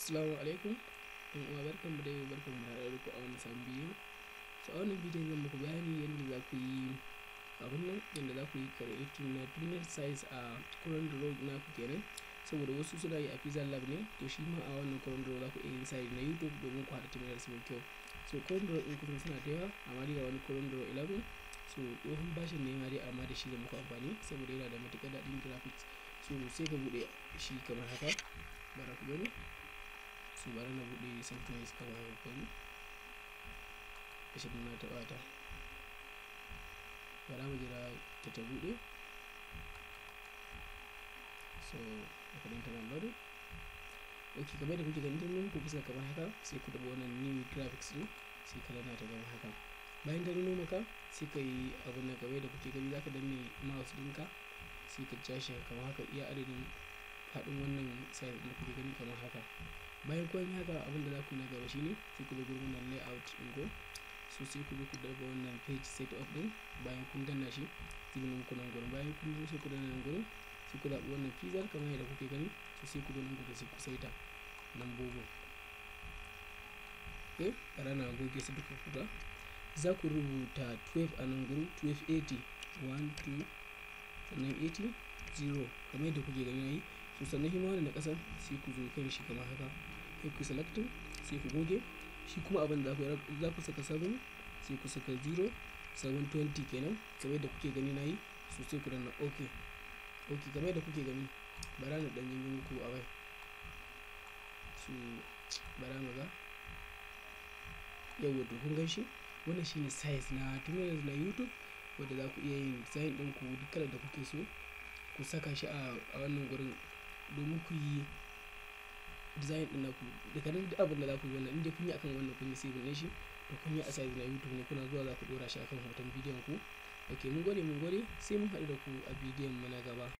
Assalamu alaikum in uwa barkan mu dai yau barkan mu da a wannan sabon bidiyo so a wannan bidiyon zan muku bayani yadda za ku yi abin nan yadda za ku yi creating na thumbnail size a current road na ku kenan saboda wasu suna yi a pizza lab ne to shi ma a wannan current road za ku iya yin side na youtube domin ku haɗa thumbnails mai kyau so current road ɗin kuma suna da yawa amma dai ga wani current road 11 so tsohon bashin ne ma dai amma da shi zan muku amfani saboda yana da matuƙar daɗin graphics so sai ka buɗe shi kamar haka bara su bari na buɗe software kamar recording ashirin na taɓa ta bara mu jira ta ta buɗe so recording tana loading ok kamar da kuke ganin nuna ku fuska kamar haka sai ku taɓa wannan new graphics ɗin sai ka na ta zama haka bayan ta nuna maka sai ka yi abin da kamar da kuke gani za ka danne mouse ɗinka sai ka ja shi kamar haka iya adadin faɗin wannan size ɗin da kuke gani kamar haka bayan kun yi haka abin da za ku na gaba ne sai ku zo wannan layout in go so sai ku zo ku daga wannan page setup din bayan kun danna shi zai nuna muku nan gurin bayan kun zo sai ku danna nan gurin sai ku zaɓi wannan pizza kamar yadda kuke gani so sai ku zo nan gurin sai ku saita nan bobo ok bara na goge su duka kuka za ku rubuta 12 a nan gurin 1280 1280 2 0 kamar yadda kuke gani na yi to sannan hima wannan na ƙasan sai ku zo kan shi kamar haka sai ku selecting sai ku goge shi kuma abin da za ku saka sabon sai ku saka 0 sabon kenan kamar yadda kuke gani nayi so sai ku danna ok ok kamar yadda kuke gani bara na ɗan yin ku a bai su bara mu ga yawwa to kun shi wannan shine size na tutorials na youtube wadda za ku iya yin design ku duk kalar da kuke so ku saka shi a wannan gurin domin ku yi design ɗin naku da kadan duk abin da za ku yi wannan inda kun yi akan wannan kun yi saving din shi to kun yi a size na YouTube ne kuna zuwa za ku ɗora shi akan hoton bidiyon ku ok mun gode mun gode sai mun haɗu da ku a bidiyon mu na gaba